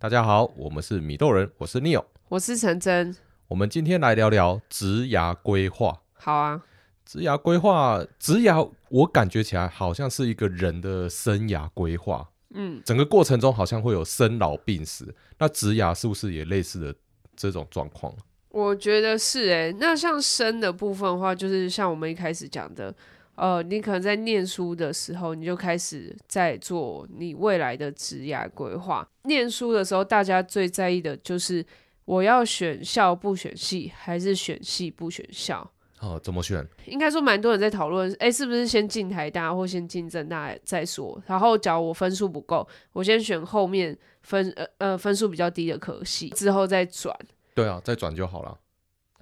大家好，我們是米豆人，我是 Neo，我是陳蓁，我們今天來聊聊職涯規劃。好啊，職涯規劃，職涯我感覺起來好像是一個人的生涯規劃，嗯，整個過程中好像會有生老病死，那職涯是不是也類似的這種狀況？我覺得是誒、欸，那像生的部分的話，就是像我們一開始講的。呃，你可能在念書的時候，你就開始在做你未來的職涯規劃。念書的時候，大家最在意的就是我要選校不選系，還是選系不選校？哦，怎麼選？應該說蠻多人在討論，哎，是不是先進台大或先進政大再說？然後，假如我分數不夠，我先選後面分呃呃分數比較低的科系，之後再轉。對啊，再轉就好了。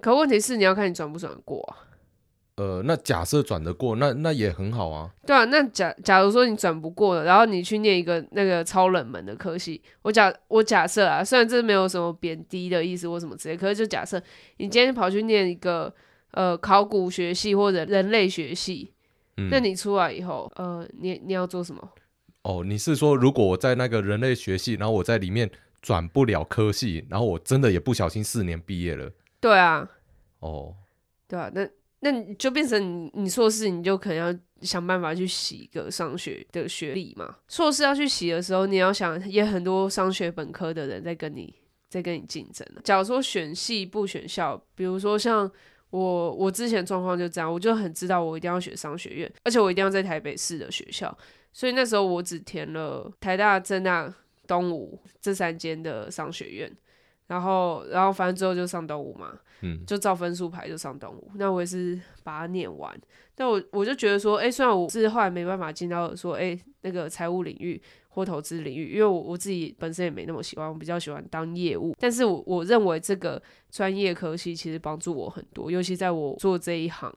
可問題是，你要看你轉不轉過。呃，那假設轉得過，那那也很好啊。對啊，那假假如說你轉不過了，然後你去念一個那個超冷門的科系，我假我假設啊，雖然這沒有什麼貶低的意思或什麼之類，可是就假設你今天跑去念一個呃考古學系或者人類學系，嗯，那你出來以後，呃，你你要做什麼？哦，你是說如果我在那個人類學系，然後我在裡面轉不了科系，然後我真的也不小心四年畢業了？對啊。哦。對啊，那。那你就變成你，你碩士你就可能要想辦法去洗一個商學的學歷嘛。碩士要去洗的時候，你要想也很多商學本科的人在跟你、在跟你競爭。假如說選系不選校，比如說像我，我之前狀況就這樣，我就很知道我一定要學商學院，而且我一定要在台北市的學校，所以那時候我只填了台大、政大、東吳這三間的商學院，然後，然後反正最後就上東吳嘛。嗯，就照分數排就上東吳，那我也是把它念完。但我我就覺得說，哎、欸，雖然我是後來沒辦法進到說，哎、欸，那個財務領域或投資領域，因為我我自己本身也沒那麼喜歡，我比較喜歡當業務。但是我我認為這個專業科系其實幫助我很多，尤其在我做這一行，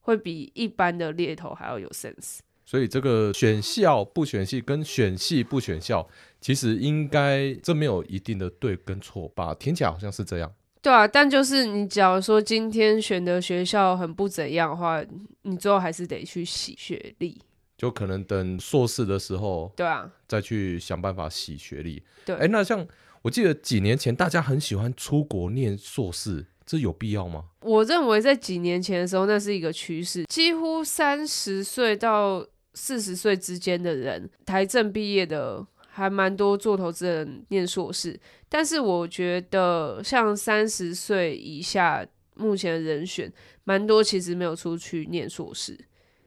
會比一般的獵頭還要有 sense。所以這個選校不選系，跟選系不選校，其實應該這沒有一定的對跟錯吧？聽起來好像是這樣。對啊，但就是你，假如說今天選的學校很不怎樣的話，你最後還是得去洗學歷，就可能等碩士的時候，對啊，再去想辦法洗學歷。對，哎、欸，那像我記得幾年前大家很喜歡出國念碩士，這有必要嗎？我認為在幾年前的時候，那是一個趨勢，幾乎三十歲到四十歲之間的人，台政畢業的。還蠻多做投資人念碩士，但是我覺得像三十歲以下目前的人選，蠻多其實沒有出去念碩士，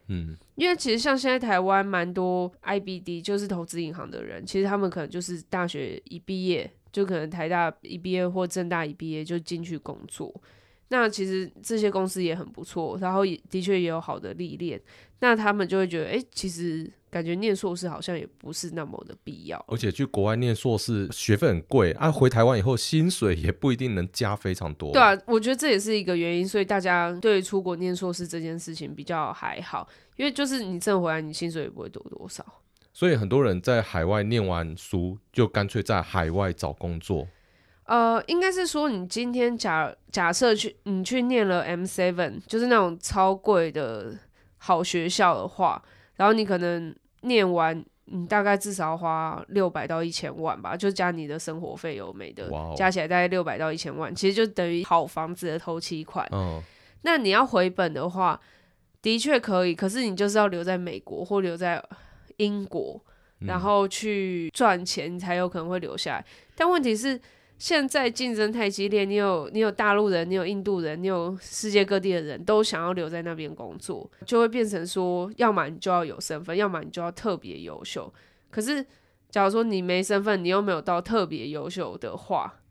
嗯，因為其實像現在台灣蠻多 IBD 就是投資銀行的人，其實他們可能就是大學一畢業，就可能台大一畢業或政大一畢業就進去工作，那其實這些公司也很不錯，然後也的確也有好的歷練，那他們就會覺得，欸，其實。感覺念碩士好像也不是那麼的必要，而且去國外念碩士學費很貴，啊，回台灣以後薪水也不一定能加非常多啊。對啊，我覺得這也是一個原因，所以大家對出國念碩士這件事情比較還好，因為就是你掙回來，你薪水也不會多多少。所以很多人在海外念完書，就乾脆在海外找工作。呃，應該是說你今天假假設去你去念了 M7，就是那種超貴的好學校的話。然後你可能念完，你大概至少要花六百到一千萬吧，就加你的生活費有沒的，Wow. 加起來大概六百到一千萬，其實就等於好房子的頭期款。Oh. 那你要回本的話，的確可以，可是你就是要留在美國或留在英國，嗯、然後去賺錢才有可能會留下來。但問題是。現在競爭太激烈，你有你有大陸人，你有印度人，你有世界各地的人都想要留在那邊工作，就會變成說，要麼你就要有身份，要麼你就要特別優秀。可是，假如說你沒身份，你又沒有到特別優秀的話，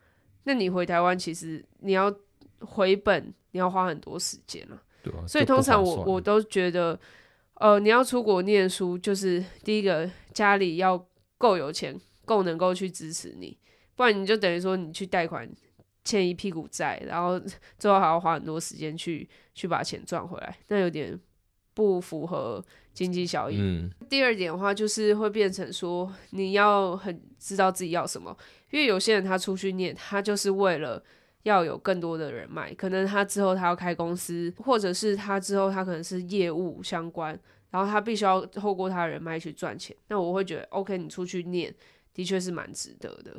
那你回台灣其實你要回本，你要花很多時間啊。對啊。所以通常我我都覺得，呃，你要出國念書，就是第一個家裡要夠有錢，夠能夠去支持你。不然你就等於說你去貸款，欠一屁股債，然後最後還要花很多時間去去把錢賺回來，那有點不符合經濟效益。嗯、第二點的話，就是會變成說你要很知道自己要什麼，因為有些人他出去念，他就是為了要有更多的人脈，可能他之後他要開公司，或者是他之後他可能是業務相關，然後他必須要透過他人脈去賺錢。那我會覺得，OK，你出去念的確是蠻值得的。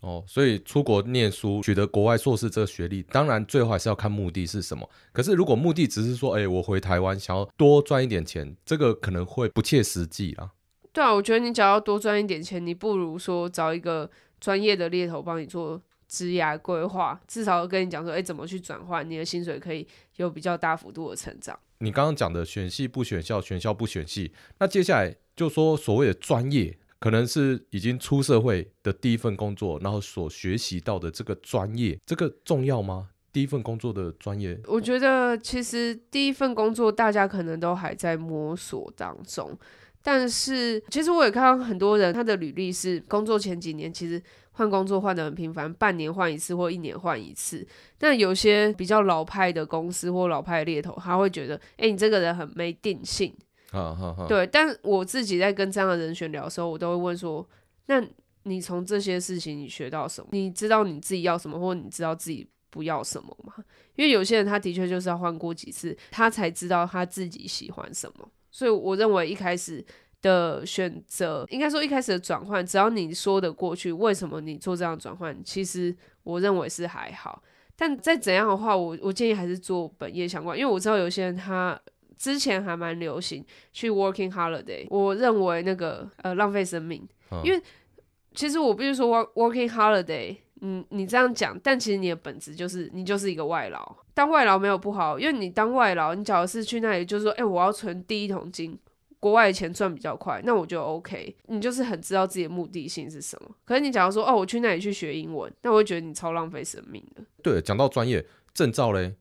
哦，所以出國念書取得國外碩士這個學歷，當然最後還是要看目的是什麼。可是如果目的只是說，哎，我回台灣想要多賺一點錢，這個可能會不切實際啦。對啊，我覺得你只要多賺一點錢，你不如說找一個專業的獵頭幫你做職涯規劃，至少跟你講說，哎，怎麼去轉換你的薪水可以有比較大幅度的成長。你剛剛講的選系不選校，選校不選系，那接下來就說所謂的專業。可能是已經出社會的第一份工作，然後所學習到的這個專業，這個重要嗎？第一份工作的專業？我覺得其實第一份工作大家可能都還在摸索當中，但是其實我也看到很多人他的履歷是工作前幾年其實換工作換得很頻繁，半年換一次或一年換一次，但有些比較老派的公司或老派獵頭他會覺得，哎，你這個人很沒定性。啊，好，好，對，但我自己在跟這樣的人選聊的時候，我都會問說：那你從這些事情你學到什麼？你知道你自己要什麼，或你知道自己不要什麼嗎？因為有些人他的確就是要換過幾次，他才知道他自己喜歡什麼。所以我認為一開始的選擇，應該說一開始的轉換，只要你說得過去，為什麼你做這樣的轉換？其實我認為是還好。但再怎樣的話，我我建議還是做本業相關，因為我知道有些人他。之前還蠻流行去 working holiday，我認為那個呃浪費生命。嗯、因為其實我必須說 working holiday，你你這樣講，但其實你的本質就是你就是一個外勞。當外勞沒有不好，因為你當外勞，你假如是去那裡，就是說，哎、欸，我要存第一桶金，國外的錢賺比較快，那我就 OK。你就是很知道自己的目的性是什麼。可是你假如說，哦，我去那裡去學英文，那我會覺得你超浪費生命的。對，講到專業證照嘞。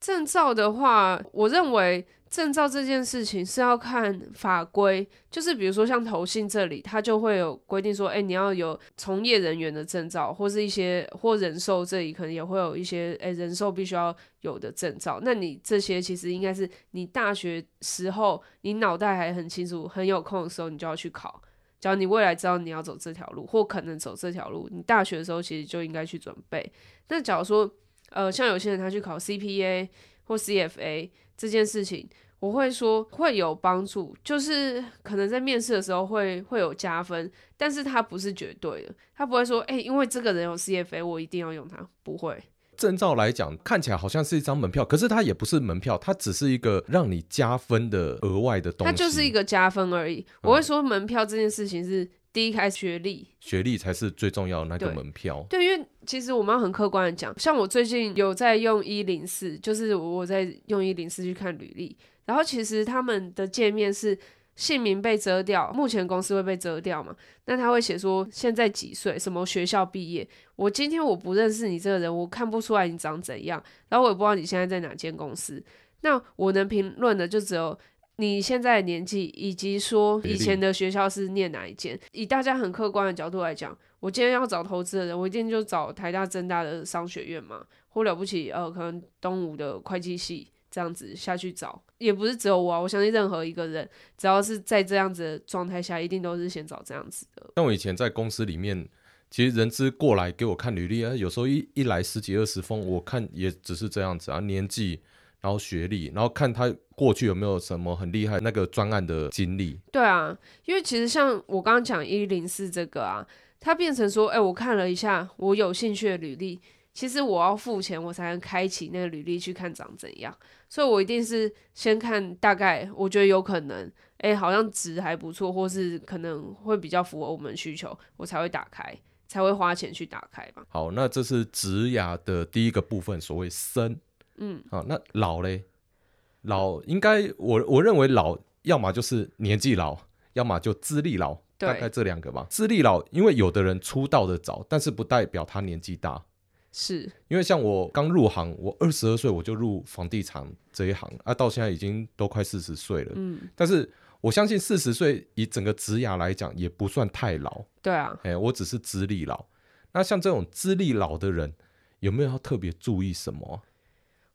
證照的話，我認為證照這件事情是要看法規，就是比如說像投信這裡，它就會有規定說，哎、欸，你要有從業人員的證照，或是一些或人壽這裡可能也會有一些，哎、欸，人壽必須要有的證照。那你這些其實應該是你大學時候，你腦袋還很清楚、很有空的時候，你就要去考。假如你未來知道你要走這條路，或可能走這條路，你大學的時候其實就應該去準備。那假如說，呃，像有些人他去考 CPA 或 CFA 這件事情，我會說會有幫助，就是可能在面試的時候會會有加分，但是他不是絕對的，他不會說，哎、欸，因為這個人有 CFA，我一定要用他，不會。證照來講，看起來好像是一張門票，可是它也不是門票，它只是一個讓你加分的額外的東西。它就是一個加分而已。我會說，門票這件事情是第一，學歷、嗯？學歷才是最重要的那個門票。對，對，因為。其實我們要很客觀的講，像我最近有在用一零四，就是我在用一零四去看履歷。然後其實他們的界面是姓名被遮掉，目前公司會被遮掉嘛？那他會寫說現在幾歲，什麼學校畢業。我今天我不認識你這個人，我看不出來你長怎樣，然後我也不知道你現在在哪間公司。那我能評論的就只有你現在的年紀，以及說以前的學校是念哪一間，以大家很客觀的角度來講。我今天要找投資的人，我一定就找台大、政大的商學院嘛，或了不起呃，可能東吳的會計系這樣子下去找，也不是只有我啊，我相信任何一個人，只要是在這樣子的狀態下，一定都是先找這樣子的。那我以前在公司裡面，其實人資過來給我看履歷啊，有時候一一來十幾二十封，我看也只是這樣子啊，年紀，然後學歷，然後看他過去有沒有什麼很厲害那個專案的經歷。對啊，因為其實像我剛剛講一零四這個啊。他變成說：“哎、欸，我看了一下，我有興趣的履歷，其實我要付錢，我才能開啟那個履歷去看長怎樣。所以，我一定是先看大概，我覺得有可能，哎、欸，好像值還不錯，或是可能會比較符合我們需求，我才會打開，才會花錢去打開吧。”好，那這是職涯的第一個部分，所謂“生”，嗯，好、啊，那老嘞？老應該我我認為老，要麼就是年紀老，要麼就資歷老。大概這兩個吧，資歷對老，因為有的人出道的早，但是不代表他年紀大，是。因為像我剛入行，我二十二歲我就入房地產這一行，啊，到現在已經都快四十歲了，嗯。但是我相信四十歲以整個職涯來講，也不算太老。對啊，哎、欸，我只是資歷老。那像這種資歷老的人，有沒有要特別注意什麼、啊？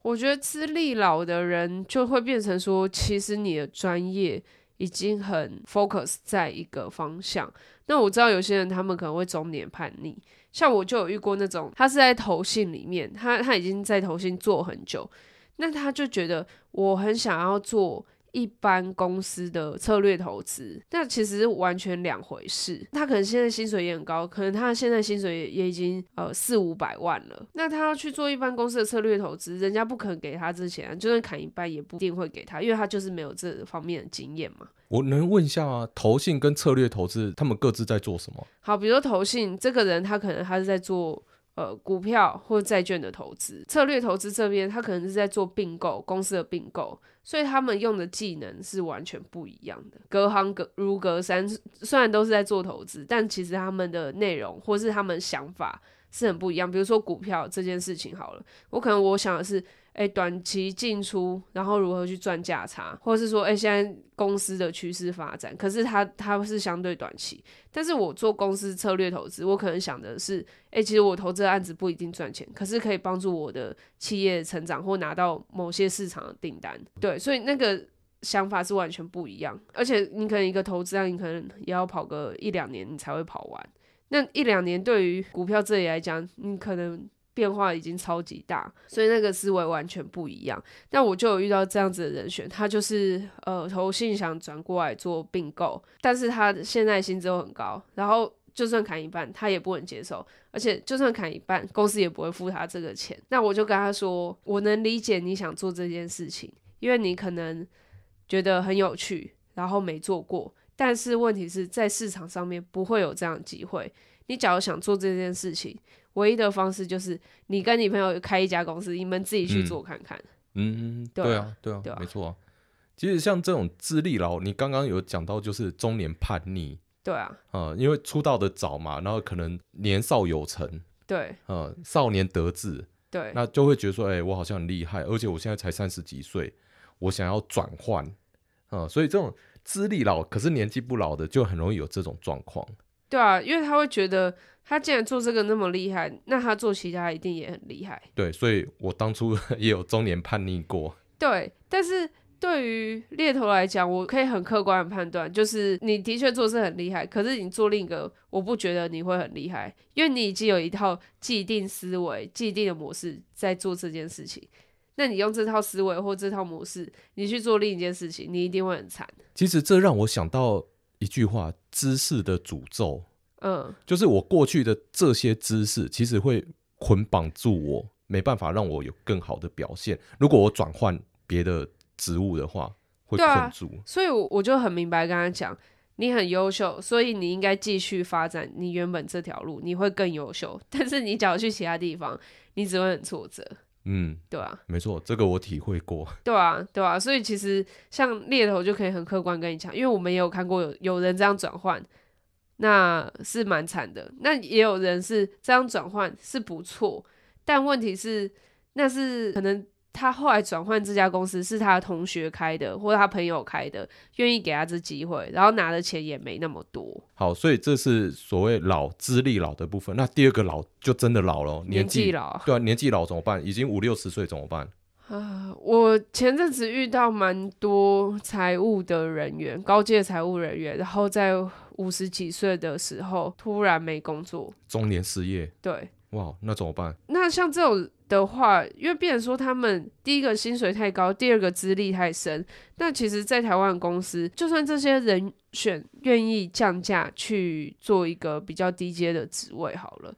我覺得資歷老的人就會變成說，其實你的專業。已經很 focus 在一個方向，那我知道有些人他們可能會中年叛逆，像我就有遇過那種，他是在投信裡面，他他已經在投信做很久，那他就覺得我很想要做。一般公司的策略投資，那其實是完全兩回事。他可能現在薪水也很高，可能他現在薪水也，也已經呃四五百萬了。那他要去做一般公司的策略投資，人家不可能給他這錢啊，就算砍一半也不一定會給他，因為他就是沒有這方面的經驗嘛。我能問一下投信跟策略投資他們各自在做什麼？好，比如說投信這個人，他可能他是在做呃股票或債券的投資；策略投資這邊，他可能是在做併購公司的併購。所以他們用的技能是完全不一樣的，隔行隔如隔山。雖然都是在做投資，但其實他們的內容或是他們想法是很不一樣。比如說股票這件事情，好了，我可能我想的是。誒，短期進出，然後如何去賺價差，或者是說，誒，現在公司的趨勢發展，可是它它是相對短期。但是我做公司策略投資，我可能想的是，誒，其實我投資的案子不一定賺錢，可是可以幫助我的企業的成長或拿到某些市場的訂單。對，所以那個想法是完全不一樣。而且你可能一個投資案，你可能也要跑個一兩年，你才會跑完。那一兩年對於股票這裡來講，你可能。變化已經超級大，所以那個思維完全不一樣。那我就有遇到這樣子的人選，他就是呃投信想轉過來做併購，但是他的現在薪資很高，然後就算砍一半，他也不能接受。而且就算砍一半，公司也不會付他這個錢。那我就跟他說，我能理解你想做這件事情，因為你可能覺得很有趣，然後沒做過。但是問題是在市場上面不會有這樣的機會。你假如想做這件事情，唯一的方式就是你跟你朋友開一家公司，你們自己去做看看。嗯，嗯，對啊，對啊，對啊，對啊、沒錯啊。其實像這種資歷老，你剛剛有講到，就是中年叛逆。對啊，嗯，因為出道的早嘛，然後可能年少有成。對。嗯，少年得志。對。那就會覺得說，哎、欸，我好像很厲害，而且我現在才三十幾歲，我想要轉換。嗯，所以這種資歷老可是年紀不老的，就很容易有這種狀況。對啊，因為他會覺得。他既然做這個那麼厲害，那他做其他一定也很厲害。對，所以我當初也有中年叛逆過。對，但是對於獵頭來講，我可以很客觀的判斷，就是你的確做事很厲害，可是你做另一個，我不覺得你會很厲害，因為你已經有一套既定思維、既定的模式在做這件事情。那你用這套思維或這套模式，你去做另一件事情，你一定會很慘。其實這讓我想到一句話：知識的詛咒。嗯，就是我過去的這些知識，其實會捆綁住我，沒辦法讓我有更好的表現。如果我轉換別的職務的話，會困住。啊，所以，我我就很明白跟他講你很優秀，所以你應該繼續發展你原本這條路，你會更優秀。但是，你假如去其他地方，你只會很挫折。嗯，對啊，沒錯，這個我體會過。對啊，對啊，所以其實像獵頭就可以很客觀跟你講，因為我們也有看過有有人這樣轉換。那是蠻慘的，那也有人是這樣轉換是不錯，但問題是那是可能他後來轉換這家公司是他同學開的，或者他朋友開的，願意給他這機會，然後拿的錢也沒那麼多。好，所以這是所謂老資歷老的部分。那第二個老就真的老了，年紀，年紀老，對啊，年紀老怎麼辦？已經五六十歲怎麼辦？啊，我前陣子遇到蠻多財務的人員，高階財務人員，然後在。五十幾歲的時候突然沒工作，中年失業，對，哇，wow, 那怎麼辦？那像這種的話，因為變成說他們第一個薪水太高，第二個資歷太深。那其實，在台灣公司，就算這些人選願意降價去做一個比較低階的職位，好了，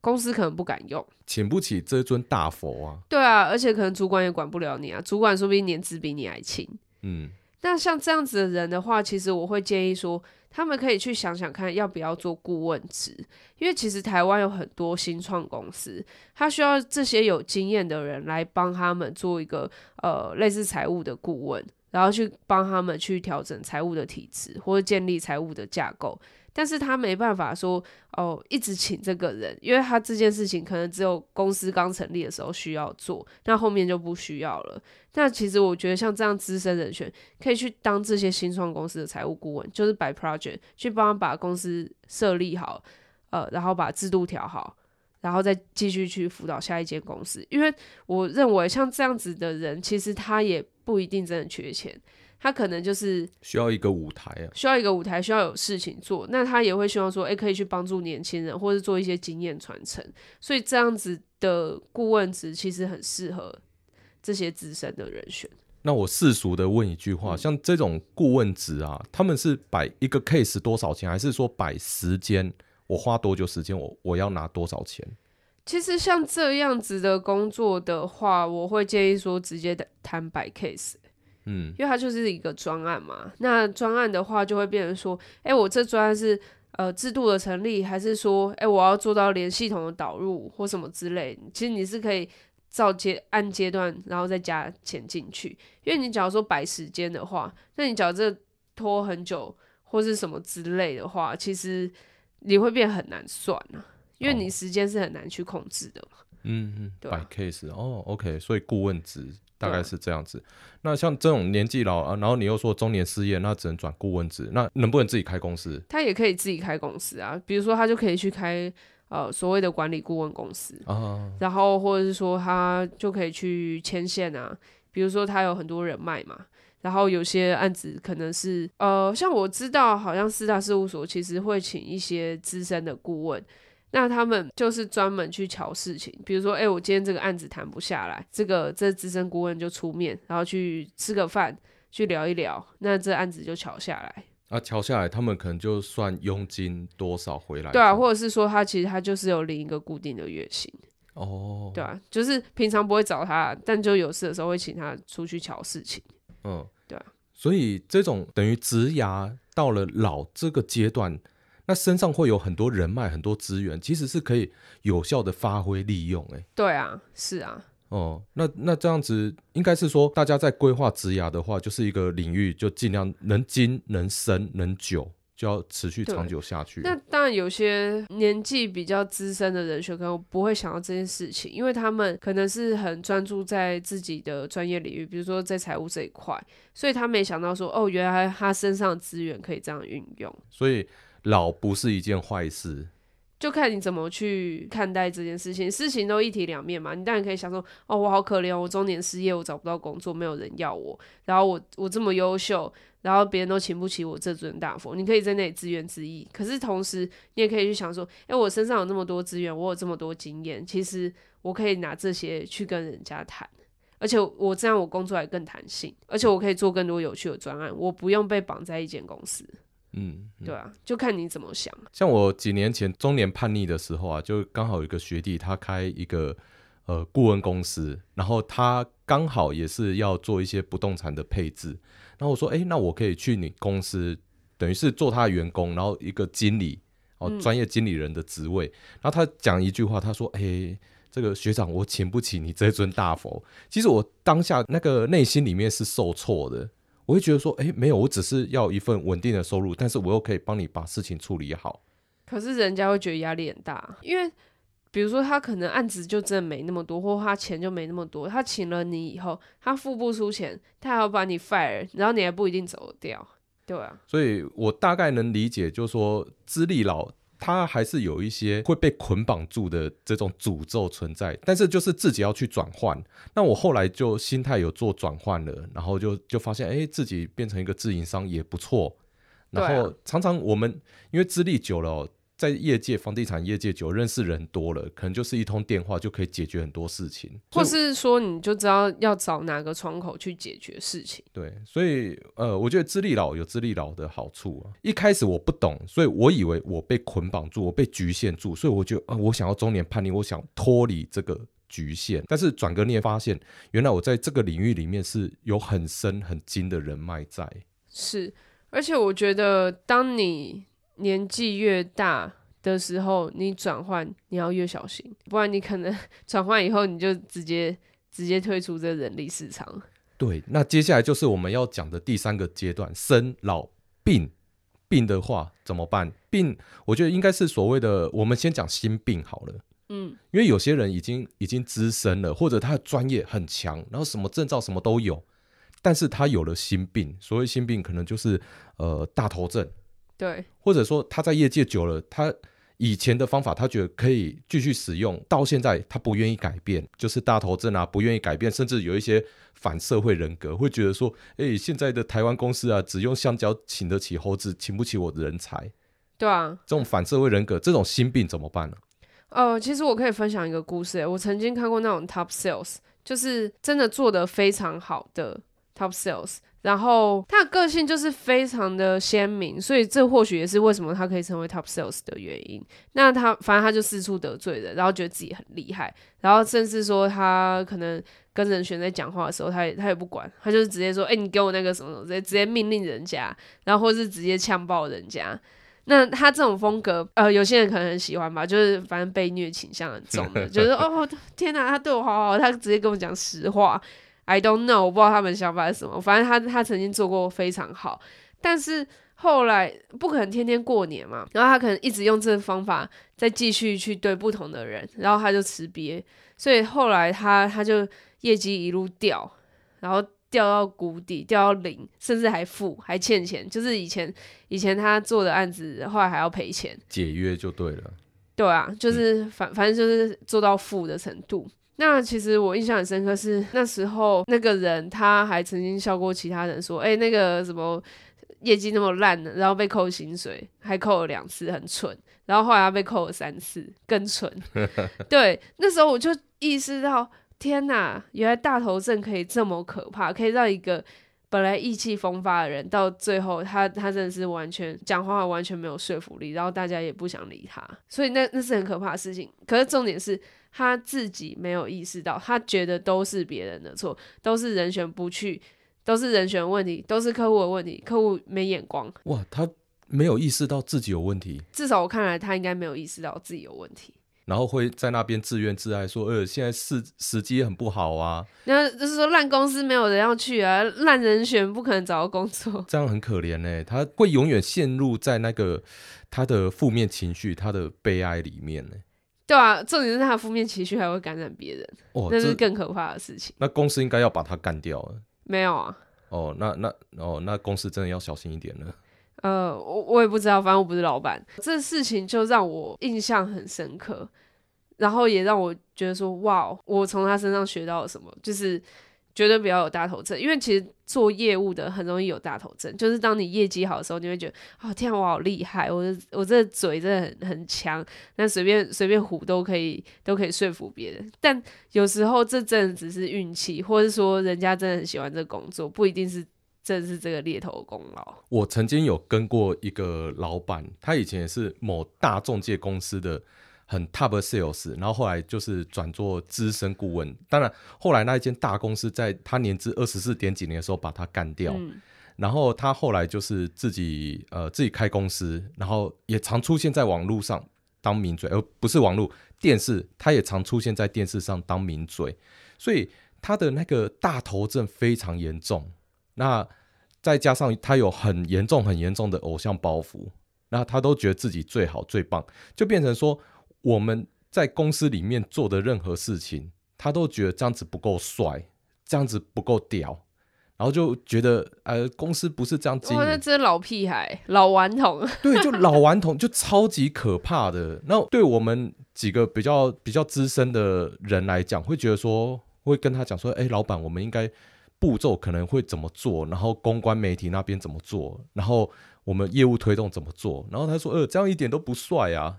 公司可能不敢用，請不起這尊大佛啊。對啊，而且可能主管也管不了你啊，主管說不定年資比你還輕。嗯，那像這樣子的人的話，其實我會建議說。他們可以去想想看，要不要做顧問職，因為其實台灣有很多新創公司，他需要這些有經驗的人來幫他們做一個呃類似財務的顧問，然後去幫他們去調整財務的體質或者建立財務的架構。但是他沒辦法說哦，一直請這個人，因為他這件事情可能只有公司剛成立的時候需要做，那後面就不需要了。那其實我覺得像這樣資深人選可以去當這些新創公司的財務顧問，就是 by project 去幫他把公司設立好，呃，然後把制度調好，然後再繼續去輔導下一間公司。因為我認為像這樣子的人，其實他也不一定真的缺錢。他可能就是需要一個舞台啊，需要一個舞台，需要一個舞台，需要有事情做。那他也會希望說，哎、欸，可以去幫助年輕人，或者做一些經驗傳承。所以這樣子的顧問職，其實很適合這些資深的人選。那我世俗的問一句話，嗯、像這種顧問職啊，他們是擺一個 case 多少錢，還是說擺時間？我花多久時間，我我要拿多少錢？其實像這樣子的工作的話，我會建議說，直接的談擺 case。嗯，因為它就是一個專案嘛，那專案的話就會變成說，誒、欸，我這專案是呃制度的成立，還是說，誒、欸、我要做到連系統的導入或什麼之類？其實你是可以照階按階段，然後再加錢進去。因為你假如說擺時間的話，那你假如這拖很久或是什麼之類的話，其實你會變很難算啊，因為你時間是很難去控制的，哦。嗯嗯，擺對 case 哦、oh，OK，所以顧問值大概是這樣子，啊、那像這種年紀老啊，然後你又說中年失業，那只能轉顧問制。那能不能自己開公司？他也可以自己開公司啊，比如說他就可以去開呃所謂的管理顧問公司、啊、然後或者是說他就可以去牽線啊，比如說他有很多人脈嘛，然後有些案子可能是呃，像我知道好像四大事務所其實會請一些資深的顧問。那他們就是專門去喬事情，比如說，哎、欸，我今天這個案子談不下來，這個這資深顧問就出面，然後去吃個飯，去聊一聊，那這案子就喬下來。啊，喬下來，他們可能就算佣金多少回來。對啊，或者是說，他其實他就是有領一個固定的月薪。哦，對啊，就是平常不會找他，但就有事的時候會請他出去喬事情。嗯，對啊。所以這種等於職涯到了老這個階段。他身上會有很多人脈、很多資源，其實是可以有效的發揮利用、欸。哎，對啊，是啊。哦，那那這樣子應該是說，大家在規劃職涯的話，就是一個領域就盡量能精、能深、能久，就要持續長久下去。那當然，有些年紀比較資深的人學可能不會想到這件事情，因為他們可能是很專注在自己的專業領域，比如說在財務這一塊，所以他沒想到說，哦，原來他身上資源可以這樣運用。所以。老不是一件壞事，就看你怎麼去看待這件事情。事情都一體兩面嘛，你當然可以想說，哦，我好可憐，我中年失業，我找不到工作，沒有人要我。然後我我這麼優秀，然後別人都請不起我這尊大佛。你可以在那裡自怨自艾。可是同時，你也可以去想說，哎，我身上有那麼多資源，我有這麼多經驗，其實我可以拿這些去跟人家談。而且我這樣，我工作還更彈性，而且我可以做更多有趣的專案，我不用被綁在一間公司。嗯，嗯，對啊，就看你怎麼想。像我幾年前中年叛逆的時候啊，就剛好有一個學弟，他開一個呃顧問公司，然後他剛好也是要做一些不動產的配置。然後我說：“哎、欸，那我可以去你公司，等於是做他的員工，然後一個經理哦，專、喔、業經理人的職位。嗯”然後他講一句話，他說：“哎、欸，這個學長，我請不起你這尊大佛。”其實我當下那個內心裡面是受挫的。我會覺得說，誒，沒有，我只是要一份穩定的收入，但是我又可以幫你把事情處理好。可是人家會覺得壓力很大，因為比如說他可能案子就真的沒那麼多，或他錢就沒那麼多。他請了你以後，他付不出錢，他還要把你 fire，然後你還不一定走掉，對啊。所以我大概能理解，就是說資歷老。它還是有一些會被捆綁住的這種詛咒存在，但是就是自己要去轉換。那我後來就心態有做轉換了，然後就就發現，哎、欸，自己變成一個自營商也不錯。然後常常我們因為資歷久了喔。在業界，房地產業界久，久認識人多了，可能就是一通電話就可以解決很多事情，或是說你就知道要找哪個窗口去解決事情。對，所以呃，我覺得資歷老有資歷老的好處啊。一開始我不懂，所以我以為我被捆綁住，我被局限住，所以我覺得啊、呃，我想要中年叛逆，我想脫離這個局限。但是轉個念發現，原來我在這個領域裡面是有很深很精的人脈在。是，而且我覺得當你。年紀越大的時候，你轉換你要越小心，不然你可能轉換以後你就直接直接退出這個人力市場。對，那接下來就是我們要講的第三個階段：生老病。病的話怎麼辦？病，我覺得應該是所謂的我們先講心病好了。嗯，因為有些人已經已經資深了，或者他的專業很強，然後什麼證照什麼都有，但是他有了心病，所謂心病可能就是呃大頭症。對，或者說他在業界久了，他以前的方法他覺得可以繼續使用，到現在他不願意改變，就是大頭症啊，不願意改變，甚至有一些反社會人格會覺得說，哎、欸，現在的台灣公司啊，只用香蕉，請得起猴子，請不起我的人才。對啊，這種反社會人格，這種心病怎麼辦呢？哦、嗯呃，其實我可以分享一個故事，我曾經看過那種 top sales，就是真的做得非常好的 top sales。然後他的個性就是非常的鮮明，所以這或許也是為什麼他可以成為 top sales 的原因。那他反正他就四處得罪人，然後覺得自己很厲害，然後甚至說他可能跟人選在講話的時候，他也他也不管，他就是直接說，誒、欸，你給我那個什麼什麼，直接命令人家，然後或是直接嗆爆人家。那他這種風格，呃，有些人可能很喜歡吧，就是反正被虐傾向很重的， 就是哦天哪，他對我好好，他直接跟我講實話。I don't know，我不知道他們想法是什麼。反正，他他曾經做過非常好，但是後來不可能天天過年嘛。然後他可能一直用這個方法再繼續去對不同的人，然後他就辭別，所以後來他他就業績一路掉，然後掉到谷底，掉到零，甚至還負，還欠錢。就是以前以前他做的案子，後來還要賠錢，解約就對了。對啊，就是反、嗯、反正就是做到負的程度。那其實我印象很深刻是，是那時候那個人他還曾經笑過其他人說：“哎、欸，那個什麼業績那麼爛的，然後被扣薪水，還扣了兩次，很蠢。然後後來他被扣了三次，更蠢。” 對，那時候我就意識到，天哪，原來大頭症可以這麼可怕，可以讓一個本來意氣風發的人，到最後他他真的是完全講話完全沒有說服力，然後大家也不想理他。所以那那是很可怕的事情。可是重點是。他自己沒有意識到，他覺得都是別人的錯，都是人選不去，都是人選問題，都是客戶的問題，客戶沒眼光。哇，他沒有意識到自己有問題。至少我看來，他應該沒有意識到自己有問題。然後會在那邊自怨自艾，說：“呃，現在是時機很不好啊，那就是說爛公司沒有人要去啊，爛人選不可能找到工作。”這樣很可憐呢。他會永遠陷入在那個他的負面情緒、他的悲哀裡面呢。對啊，重點是他的負面情緒還會感染別人，這、哦、那是更可怕的事情。那公司應該要把他幹掉了。沒有啊。哦，那那哦，那公司真的要小心一點了。呃，我我也不知道，反正我不是老闆，這事情就讓我印象很深刻，然後也讓我覺得說，哇，我從他身上學到了什麼，就是。絕對不要有大頭症，因為其實做業務的很容易有大頭症，就是當你業績好的時候，你會覺得哦天啊，我好厲害，我我這嘴真的很很強，那隨便隨便唬都可以，都可以說服別人。但有時候這陣只是運氣，或者說人家真的很喜歡這工作，不一定是真的是這個獵頭功勞。我曾經有跟過一個老板，他以前也是某大仲介公司的。很 top sales，然後後來就是轉做資深顧問。當然後來那一間大公司在他年資二十四點幾年的時候把他幹掉，嗯、然後他後來就是自己呃自己開公司，然後也常出現在網絡上當名嘴，而、呃、不是網絡電視，他也常出現在電視上當名嘴。所以他的那個大頭症非常嚴重。那再加上他有很嚴重很嚴重的偶像包袱，那他都覺得自己最好最棒，就變成說。我們在公司裡面做的任何事情，他都覺得這樣子不夠帥，這樣子不夠屌，然後就覺得呃，公司不是這樣子經營。那真的老屁孩，老頑童， 對，就老頑童，就超級可怕的。那對我們幾個比較比較資深的人來講，會覺得說，會跟他講說，哎、欸，老闆，我們應該步驟可能會怎麼做，然後公關媒體那邊怎麼做，然後我們業務推動怎麼做，然後他說，呃，這樣一點都不帥啊。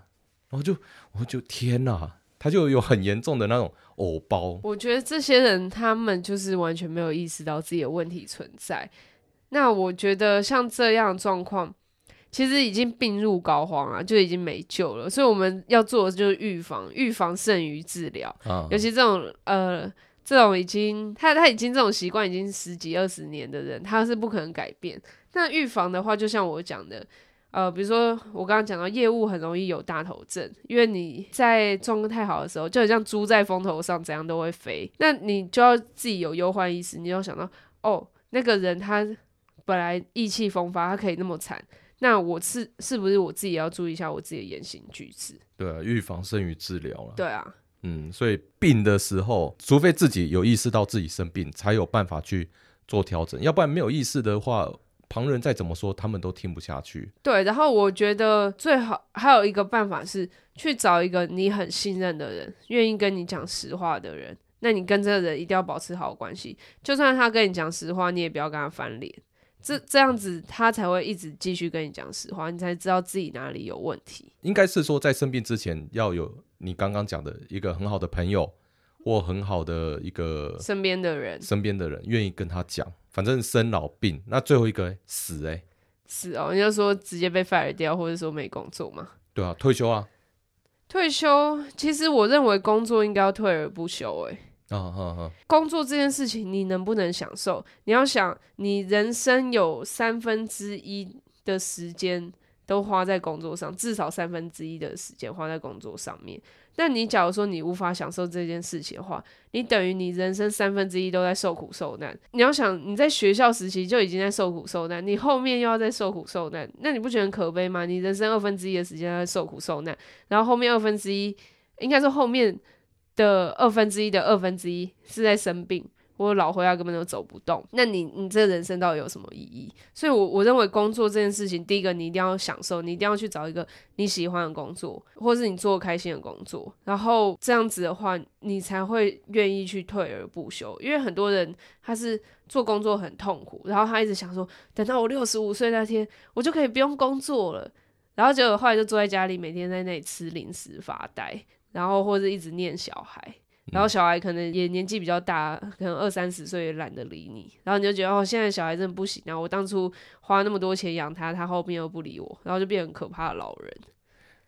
我就我就天吶，他就有很嚴重的那種偶包。我覺得這些人他們就是完全沒有意識到自己的問題存在。那我覺得像這樣的狀況，其實已經病入膏肓了，啊，就已經沒救了。所以我們要做的就是預防，預防勝於治療。啊、尤其這種呃，這種已經他他已經這種習慣已經十幾二十年的人，他是不可能改變。那預防的話，就像我講的。呃，比如說我剛剛講到業務很容易有大頭症，因為你在狀況太好的時候，就很像豬在風頭上，怎樣都會飛。那你就要自己有憂患意識，你就要想到，哦，那個人他本來意氣風發，他可以那麼慘，那我是是，不是我自己也要注意一下我自己的言行舉止？對啊，預防勝於治療了。對啊，嗯，所以病的時候，除非自己有意識到自己生病，才有辦法去做調整，要不然沒有意識的話，旁人再怎麼說，他們都聽不下去。對，然後我覺得最好還有一個辦法是去找一個你很信任的人，願意跟你講實話的人。那你跟這個人一定要保持好關係，就算他跟你講實話，你也不要跟他翻臉。這這樣子，他才會一直繼續跟你講實話，你才知道自己哪裡有問題。應該是說，在生病之前，要有你剛剛講的一個很好的朋友，或很好的一個身邊的人，身邊的人願意跟他講。反正生老病，那最後一個死哎，死、欸、哦！你要說直接被 fire 掉，或者說沒工作嘛。對啊，退休啊，退休。其實我認為工作應該要退而不休哎、欸。哦哦哦、工作這件事情，你能不能享受？你要想，你人生有三分之一的時間都花在工作上，至少三分之一的時間花在工作上面。但你假如說你無法享受這件事情的話，你等於你人生三分之一都在受苦受難。你要想，你在學校時期就已經在受苦受難，你後面又要再受苦受難，那你不覺得很可悲嗎？你人生二分之一的時間在受苦受難，然後後面二分之一，2, 應該說後面的二分之一的二分之一是在生病。我老回來根本就走不動，那你你這人生到底有什麼意義？所以我，我我認為工作這件事情，第一個你一定要享受，你一定要去找一個你喜歡的工作，或是你做開心的工作，然後這樣子的話，你才會願意去退而不休。因為很多人他是做工作很痛苦，然後他一直想說，等到我六十五歲那天，我就可以不用工作了，然後結果後來就坐在家裡，每天在那裡吃零食發呆，然後或者一直念小孩。然後小孩可能也年紀比較大，可能二三十歲也懶得理你。然後你就覺得哦，現在小孩真的不行。然後我當初花那麼多錢養他，他後面又不理我，然後就變成很可怕的老人。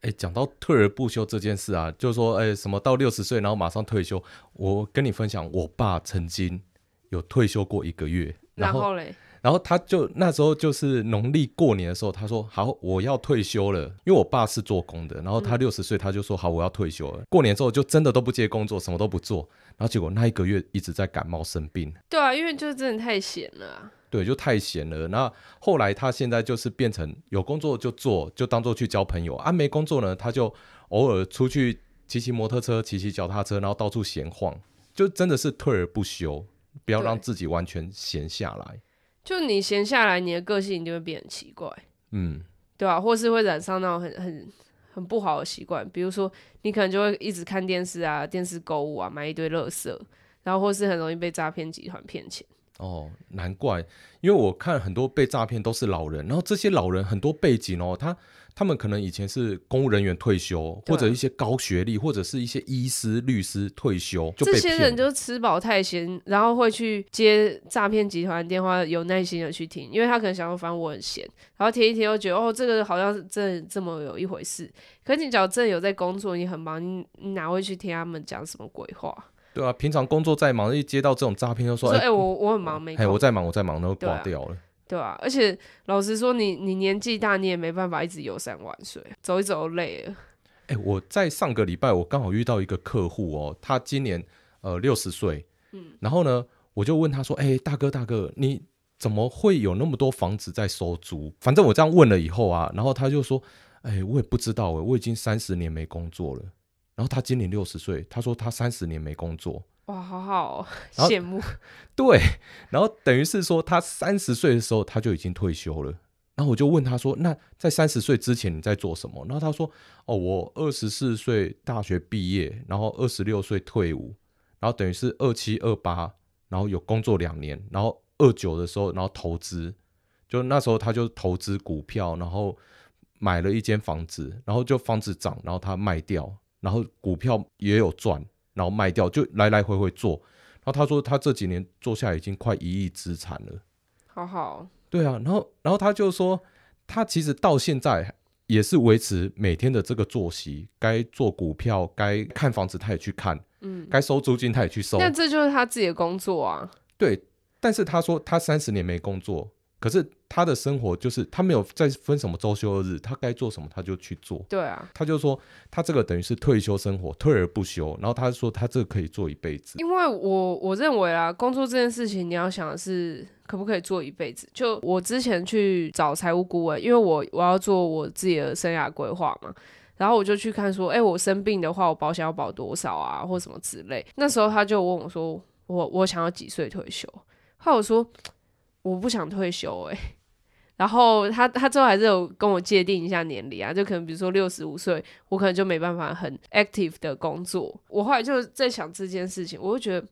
欸，講到退而不休這件事啊，就是說，欸，什麼到六十歲然後馬上退休。我跟你分享，我爸曾經有退休過一個月，然後呢，然後他就那時候就是農曆過年的時候，他說：“好，我要退休了。”因為我爸是做工的，然後他六十歲，他就說：“好，我要退休了。”過年之後就真的都不接工作，什麼都不做。然後結果那一個月一直在感冒生病。對啊，因為就是真的太閒了。對，就太閒了。然後後來他現在就是變成有工作就做，就當做去交朋友啊；沒工作呢，他就偶爾出去騎騎摩托車，騎騎腳踏車，然後到處閒晃。就真的是退而不休，不要讓自己完全閒下來。就你閒下來，你的個性就會變得很奇怪，嗯，對啊，或是會染上那種很很很不好的習慣，比如說你可能就會一直看電視啊，電視購物啊，買一堆垃圾，然後或是很容易被詐騙集團騙錢。哦，難怪，因為我看很多被詐騙都是老人，然後這些老人很多背景哦，他。他們可能以前是公務人員退休，啊、或者一些高學歷，或者是一些醫師、律師退休，這些人就吃飽太閒，然後會去接詐騙集團電話，有耐心的去聽，因為他可能想要，反正我很閒，然後聽一聽，又覺得哦，這個好像真的這麼有一回事。可是你只要真的有在工作，你很忙，你哪會去聽他們講什麼鬼話？對啊，平常工作再忙，一接到這種詐騙，就說哎、欸欸，我我很忙沒空，哎、欸，我在忙，我在忙，然後掛掉了。對啊，而且老實說你，你你年紀大，你也沒辦法一直游山玩水，走一走累了。欸，我在上個禮拜，我剛好遇到一個客戶哦，他今年呃六十歲，嗯，然後呢，我就問他說：“欸，大哥大哥，你怎麼會有那麼多房子在收租？”反正我這樣問了以後啊，然後他就說：“欸，我也不知道哎，我已經三十年沒工作了。”然後他今年六十歲，他說他三十年沒工作。哇，好好羨慕。對，然後等於是說，他三十歲的時候他就已經退休了。然後我就問他說：“那在三十歲之前你在做什麼？”然後他說：“哦，我二十四歲大學畢業，然後二十六歲退伍，然後等於是二七二八，然後有工作兩年，然後二九的時候，然後投資，就那時候他就投資股票，然後買了一間房子，然後就房子漲，然後他賣掉，然後股票也有賺。”然後賣掉就來來回回做，然後他說他這幾年做下來已經快一億資產了，好好，對啊，然後然後他就說他其實到現在也是維持每天的這個作息，該做股票該看房子他也去看，嗯，該收租金他也去收，那這就是他自己的工作啊，對，但是他說他三十年沒工作。可是他的生活就是他沒有在分什麼週休二日，他該做什麼他就去做。對啊，他就說他這個等於是退休生活，退而不休。然後他說他這個可以做一輩子。因為我我認為啊，工作這件事情你要想的是可不可以做一輩子。就我之前去找財務顧問，欸，因為我我要做我自己的生涯規劃嘛，然後我就去看說，哎、欸，我生病的話，我保險要保多少啊，或什麼之類。那時候他就問我說，我我想要幾歲退休？他我說。我不想退休欸，然後他他最後還是有跟我界定一下年齡啊，就可能比如說六十五歲，我可能就沒辦法很 active 的工作。我後來就在想這件事情，我就覺得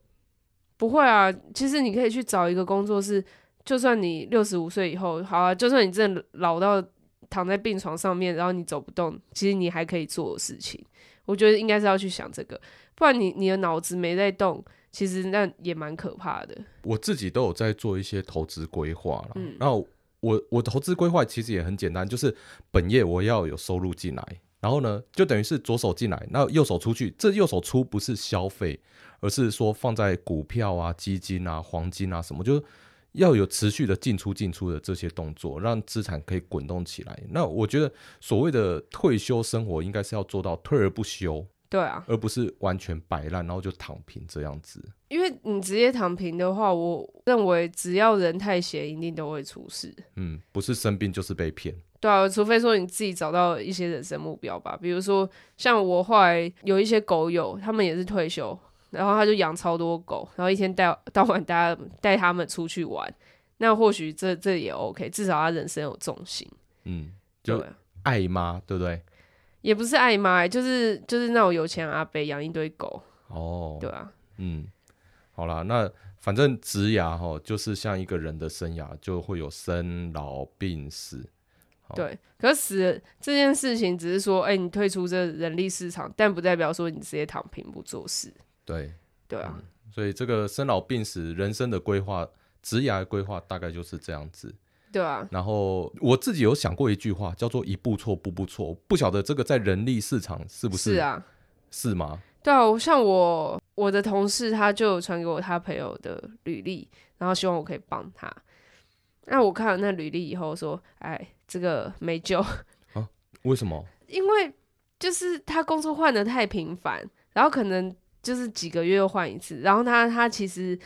不會啊，其實你可以去找一個工作是，就算你六十五歲以後，好啊，就算你真的老到躺在病床上面，然後你走不動，其實你還可以做的事情。我覺得應該是要去想這個，不然你你的腦子沒在動。其實那也蠻可怕的。我自己都有在做一些投資規劃了。然後、嗯、我我投資規劃其實也很簡單，就是本業我要有收入進來，然後呢，就等於是左手進來，那右手出去。這右手出不是消費，而是說放在股票啊、基金啊、黃金啊什麼，就是要有持續的進出進出的這些動作，讓資產可以滾動起來。那我覺得所謂的退休生活，應該是要做到退而不休。對啊，而不是完全擺爛，然後就躺平這樣子。因為你直接躺平的話，我認為只要人太閒，一定都會出事。嗯，不是生病就是被騙。對啊，除非說你自己找到一些人生目標吧，比如說像我後來有一些狗友，他們也是退休，然後他就養超多狗，然後一天到晚大家帶他們出去玩。那或許這這也 OK，至少他人生有重心。嗯，就愛嘛？對啊，對不對？也不是愛媽、欸、就是就是那種有錢阿伯養一堆狗哦？對啊，嗯，好啦，那反正職涯齁，就是像一個人的生涯，就會有生老病死，對，可是這件事情只是說，哎、欸，你退出這人力市場，但不代表說你直接躺平不做事，對，對啊、嗯，所以這個生老病死人生的規劃，職涯規劃大概就是這樣子。對啊，然後我自己有想過一句話，叫做“一步錯，步步錯”。不曉得這個在人力市場是不是？是啊，是嗎？對啊，我像我我的同事，他就傳給我他朋友的履歷，然後希望我可以幫他。那我看了那履歷以後，說：“哎，這個沒救啊。為什麼？因為就是他工作換得太頻繁，然後可能就是幾個月換一次，然後他他其實。”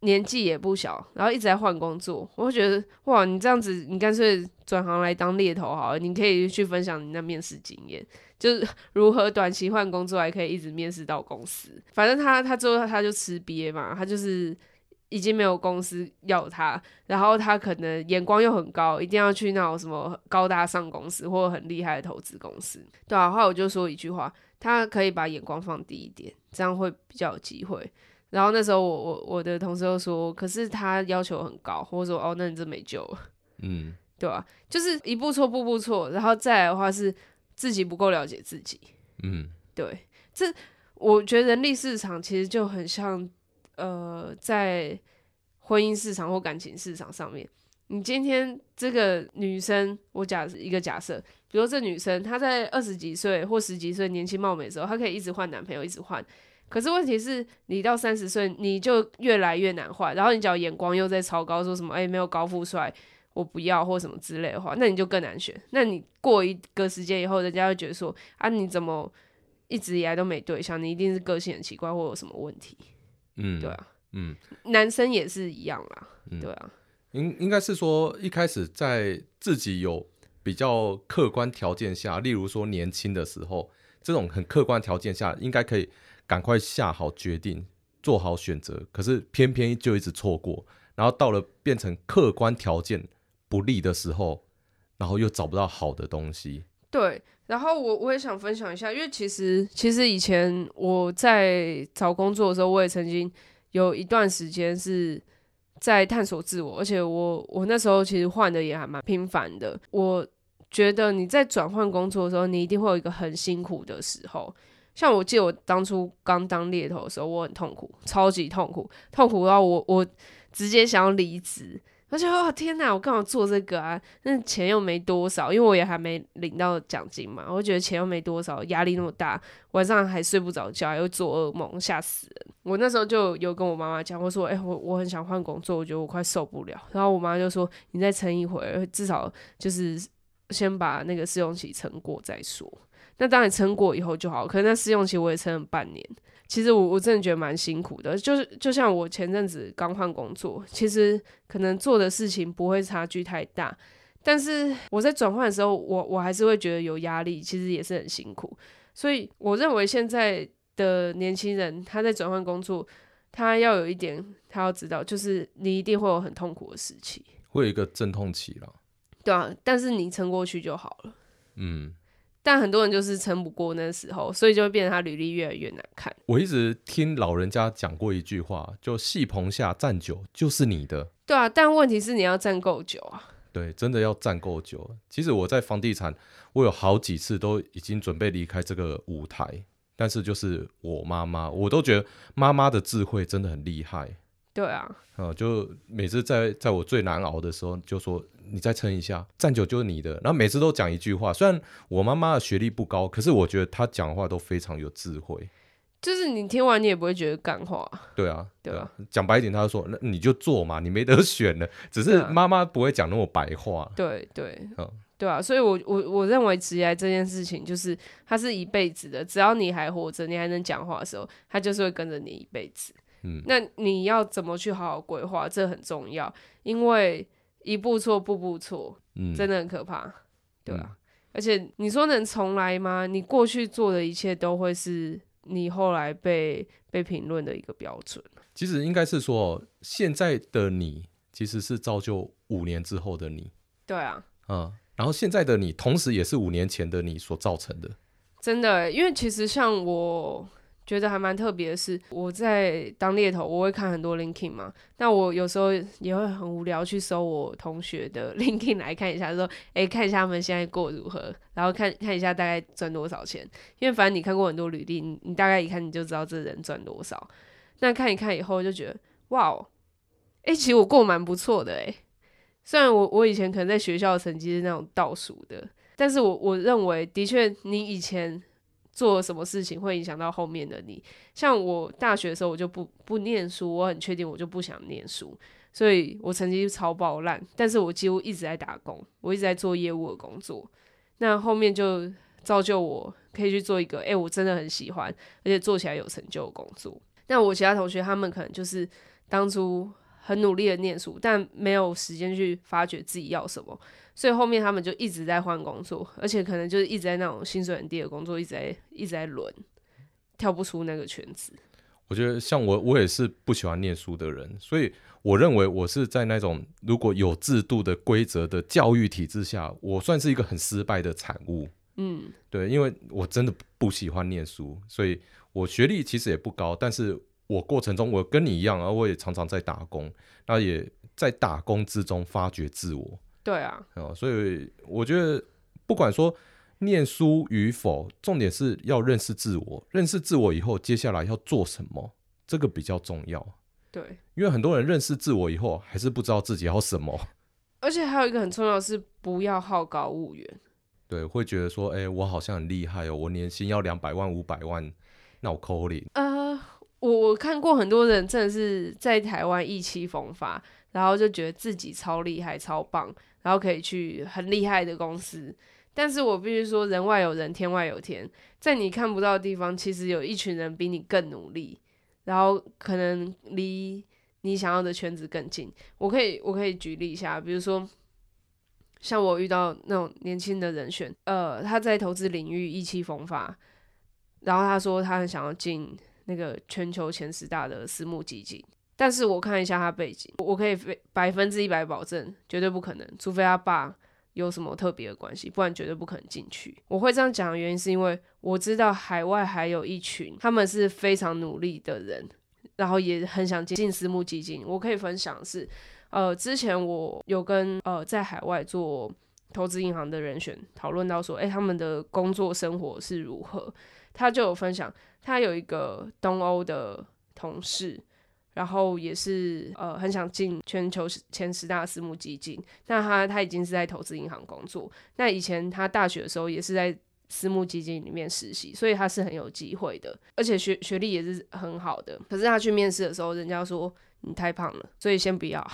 年紀也不小，然後一直在換工作。我覺得哇，你這樣子，你乾脆轉行來當獵頭好了。你可以去分享你那面試經驗，就是如何短期換工作還可以一直面試到公司。反正他他最後他就吃癟嘛，他就是已經沒有公司要他。然後他可能眼光又很高，一定要去那種什麼高大上公司或者很厲害的投資公司，對啊，然後我就說一句話，他可以把眼光放低一點，這樣會比較有機會。然後那時候我，我我我的同事又說，可是他要求很高，或者說哦，那你這沒救了，嗯，對吧、啊？就是一步錯，步步錯。然後再來的話是自己不夠了解自己，嗯，對。這我覺得人力市場其實就很像，呃，在婚姻市場或感情市場上面，你今天這個女生，我假一個假設，比如這女生她在二十幾歲或十幾歲年輕貌美的時候，她可以一直換男朋友，一直換。可是問題是你到三十歲，你就越來越難畫。然後你只要眼光又在超高，說什麼“哎、欸，沒有高富帥，我不要”或什麼之類的話，那你就更難選。那你過一個時間以後，人家會覺得說：“啊，你怎麼一直以來都沒對象？你一定是個性很奇怪，或有什麼問題。”嗯，對啊，嗯，男生也是一樣啦，對啊。嗯、應應該是說，一開始在自己有比較客觀條件下，例如說年輕的時候，這種很客觀條件下，應該可以。趕快下好決定，做好選擇。可是偏偏就一直錯過，然後到了變成客觀條件不利的時候，然後又找不到好的東西。對，然後我我也想分享一下，因為其實其實以前我在找工作的時候，我也曾經有一段時間是在探索自我，而且我我那時候其實換的也還蠻頻繁的。我覺得你在轉換工作的時候，你一定會有一個很辛苦的時候。像我記得我當初剛當獵頭的時候，我很痛苦，超級痛苦，痛苦到我我直接想要離職。而且我天哪，我幹嘛做這個啊？那錢又沒多少，因為我也還沒領到獎金嘛。我覺得錢又沒多少，壓力那麼大，晚上還睡不着覺，又做噩夢，嚇死人。我那時候就有跟我媽媽講，我說：“哎、欸，我我很想換工作，我覺得我快受不了。”然後我媽就說：“你再撐一會兒，至少就是先把那個試用期撐過再說。”那當然撐過以後就好，可是那試用期我也撐了半年，其實我我真的覺得蠻辛苦的，就是就像我前陣子剛換工作，其實可能做的事情不會差距太大，但是我在轉換的時候，我我還是會覺得有壓力，其實也是很辛苦，所以我認為現在的年輕人他在轉換工作，他要有一點，他要知道就是你一定會有很痛苦的時期，會有一個陣痛期了，對啊，但是你撐過去就好了，嗯。但很多人就是撐不過那時候，所以就會變得他履歷越來越難看。我一直聽老人家講過一句話，就“戲棚下站久就是你的”。對啊，但問題是你要站夠久啊。對，真的要站夠久。其實我在房地產，我有好幾次都已經準備離開這個舞台，但是就是我媽媽，我都覺得媽媽的智慧真的很厲害。對啊，嗯，就每次在在我最難熬的時候，就說你再撐一下，站久就是你的。然後每次都講一句話，雖然我媽媽的學歷不高，可是我覺得她講話都非常有智慧，就是你聽完你也不會覺得幹話。對啊，對啊，講白一點，她就說那你就做嘛，你沒得選了。只是媽媽不會講那麼白話。對啊，對，對，嗯，對啊，所以我我我認為職涯這件事情就是它是一輩子的，只要你還活着，你還能講話的時候，它就是會跟着你一輩子。嗯，那你要怎麼去好好規劃？這很重要，因為一步錯，步步錯，真的很可怕，對啊，嗯，而且你說能重來嗎？你過去做的一切都會是你後來被被評論的一個標準。其實應該是說，現在的你其實是造就五年之後的你，對啊，嗯，然後現在的你同時也是五年前的你所造成的。真的，因為其實像我。覺得還蠻特別的是，我在當獵頭，我會看很多 LinkedIn 嘛。但我有時候也會很無聊去搜我同學的 LinkedIn 來看一下，說，誒，看一下他們現在過如何，然後看看一下大概賺多少錢。因為反正你看過很多履歷，你你大概一看你就知道這人賺多少。那看一看以後就覺得，哇哦，誒，其實我過蠻不錯的誒，雖然我我以前可能在學校的成績是那種倒數的，但是我我認為的確你以前。做了什麼事情會影響到後面的你？像我大學的時候，我就不不念書，我很確定我就不想念書，所以我成績超爆爛。但是我幾乎一直在打工，我一直在做業務的工作。那後面就造就我可以去做一個，哎、欸，我真的很喜歡，而且做起來有成就的工作。那我其他同學他們可能就是當初很努力的念書，但沒有時間去發掘自己要什麼。所以後面他們就一直在換工作，而且可能就是一直在那種薪水很低的工作，一直在一直在輪，跳不出那個圈子。我覺得像我，我也是不喜歡念書的人，所以我認為我是在那種如果有制度的規則的教育體制下，我算是一個很失敗的產物。嗯，對，因為我真的不喜歡念書，所以我學歷其實也不高，但是我過程中我跟你一樣，啊，而我也常常在打工，那也在打工之中發掘自我。對啊、嗯，所以我覺得不管說念書與否，重點是要認識自我。認識自我以後，接下來要做什麼，這個比較重要。對，因為很多人認識自我以後，還是不知道自己要什麼。而且還有一個很重要的是，不要好高騖遠。對，會覺得說，哎、欸，我好像很厲害哦、喔，我年薪要兩百萬、五百萬，那、no uh, 我扣零。呃，我我看過很多人，真的是在台灣意氣風發。然後就覺得自己超厲害、超棒，然後可以去很厲害的公司。但是我必須說，人外有人，天外有天，在你看不到的地方，其實有一群人比你更努力，然後可能離你想要的圈子更近。我可以，我可以舉例一下，比如說，像我遇到那種年輕的人選，呃，他在投資領域意氣風發，然後他說他很想要進那個全球前十大的私募基金。但是我看一下他背景，我可以非百分之一百保證，絕對不可能，除非他爸有什麼特別的關係，不然絕對不可能進去。我會這樣講的原因是因為我知道海外還有一群他們是非常努力的人，然後也很想進私募基金。我可以分享是，呃，之前我有跟呃在海外做投資銀行的人選討論到說，哎，他們的工作生活是如何。他就有分享，他有一個東歐的同事。然後也是呃很想進全球前十大私募基金，那他他已經是在投資銀行工作，那以前他大學的時候也是在私募基金裡面實習，所以他是很有機會的，而且學學歷也是很好的。可是他去面試的時候，人家說你太胖了，所以先不要，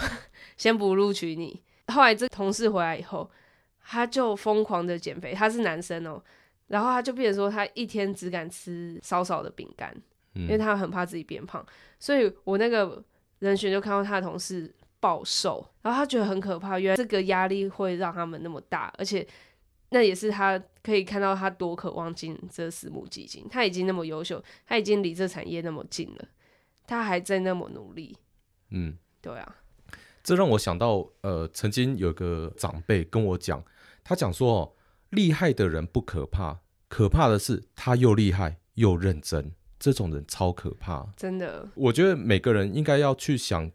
先不錄取你。後來這同事回來以後，他就瘋狂的減肥，他是男生哦，然後他就變成說他一天只敢吃少少的餅乾。因為他很怕自己變胖，所以我那個人選就看到他的同事暴瘦，然後他覺得很可怕。原來這個壓力會讓他們那麼大，而且那也是他可以看到他多渴望進這私募基金。他已經那麼優秀，他已經離這產業那麼近了，他還在那麼努力。嗯，對啊，這讓我想到，呃，曾經有個長輩跟我講，他講說，哦，厲害的人不可怕，可怕的是他又厲害又認真。這種人超可怕，真的。我覺得每個人應該要去想，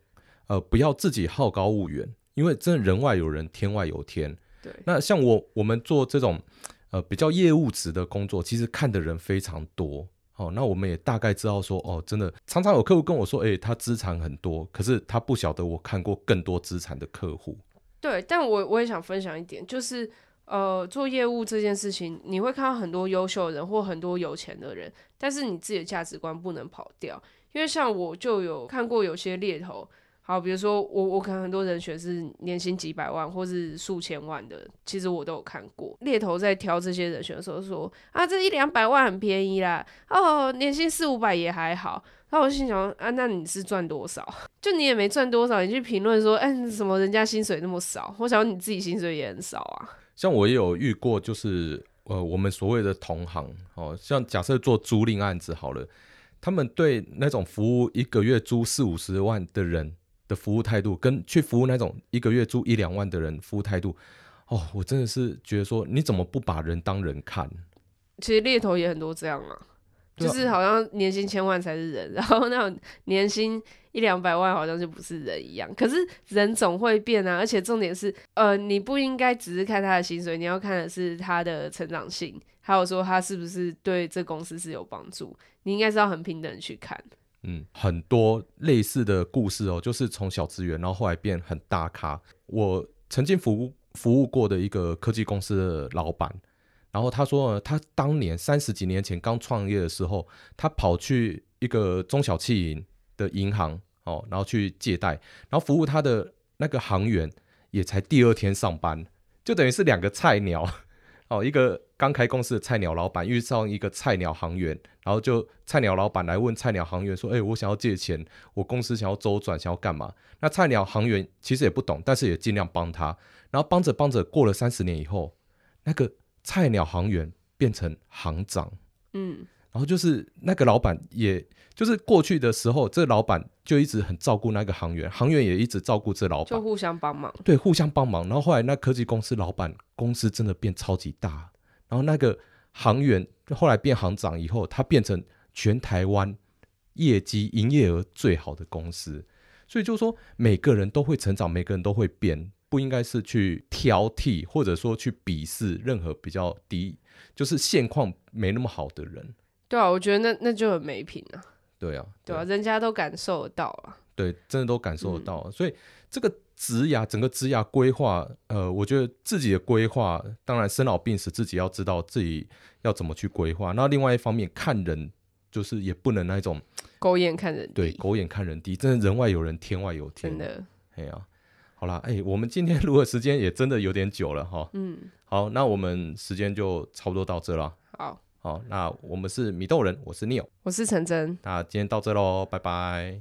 呃，不要自己好高騖遠，因為真的人外有人，天外有天。對，那像我，我們做這種呃比較業務職，的工作，其實看的人非常多。哦，那我們也大概知道說，哦，真的常常有客戶跟我說，欸，他資產很多，可是他不曉得我看過更多資產的客戶。對，但我，我也想分享一點，就是呃做業務這件事情，你會看到很多優秀的人或很多有錢的人。但是你自己的價值觀不能跑掉，因為像我就有看過有些獵頭，好，比如說我我看很多人選是年薪幾百萬或是數千萬的，其實我都有看過獵頭在挑這些人選的時候說啊這一兩百萬很便宜啦，哦，年薪四五百也還好，然後我心想啊，那你是賺多少？就你也沒賺多少，你去評論說哎什麼人家薪水那麼少，我想你自己薪水也很少啊。像我也有遇過就是。呃，我們所謂的同行，哦，像假設做租賃案子好了，他們對那種服務一個月租四五十萬的人的服務態度，跟去服務那種一個月租一兩萬的人服務態度，哦，我真的是覺得說，你怎麼不把人當人看？其實獵頭也很多這樣啊，就是好像年薪千萬才是人，然後那種年薪。一兩百萬好像就不是人一樣，可是人總會變啊。而且重點是，呃，你不應該只是看他的薪水，你要看的是他的成長性，還有說他是不是對這公司是有幫助。你應該是要很平等去看。嗯，很多類似的故事哦，就是從小職員，然後後來變很大咖。我曾經服務服務過的一個科技公司的老板，然後他說，他當年三十幾年前剛創業的時候，他跑去一個中小企的銀行哦，然後去借貸，然後服務他的那個行員也才第二天上班，就等於是兩個菜鳥哦，一個剛開公司的菜鳥老闆遇上一個菜鳥行員，然後就菜鳥老闆來問菜鳥行員說：“哎、欸，我想要借錢，我公司想要周轉，想要幹嘛？”那菜鳥行員其實也不懂，但是也盡量幫他，然後幫着幫着，過了三十年以後，那個菜鳥行員變成行長，嗯。然後就是那個老闆也，也就是過去的時候，這個老闆就一直很照顧那個行員，行員也一直照顧這老闆，就互相幫忙，對，互相幫忙。然後後來那科技公司老闆公司真的變超級大，然後那個行員後來變行長以後，他變成全台灣業績營業額最好的公司，所以就是說每個人都會成長，每個人都會變，不應該是去挑剔或者說去鄙視任何比較低，就是現況沒那麼好的人。對啊，我覺得那那就很沒品啊，啊。對啊，對啊，人家都感受得到了。對，真的都感受得到了。嗯、所以這個職涯，整個職涯規劃，呃，我覺得自己的規劃，當然生老病死自己要知道自己要怎麼去規劃。那另外一方面看人，就是也不能那種狗眼看人低。對狗眼看人低，真的人外有人，天外有天，真的。哎呀、啊，好啦，哎，我們今天錄的時間也真的有點久了哈。嗯，好，那我們時間就差不多到這了。好。好，那我們是米豆人，我是 Neo，我是陳蓁，那今天到這嘍，拜拜。